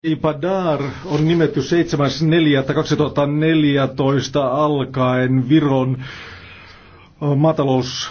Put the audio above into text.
Ipadar on nimetty 7.4.2014 alkaen Viron matalous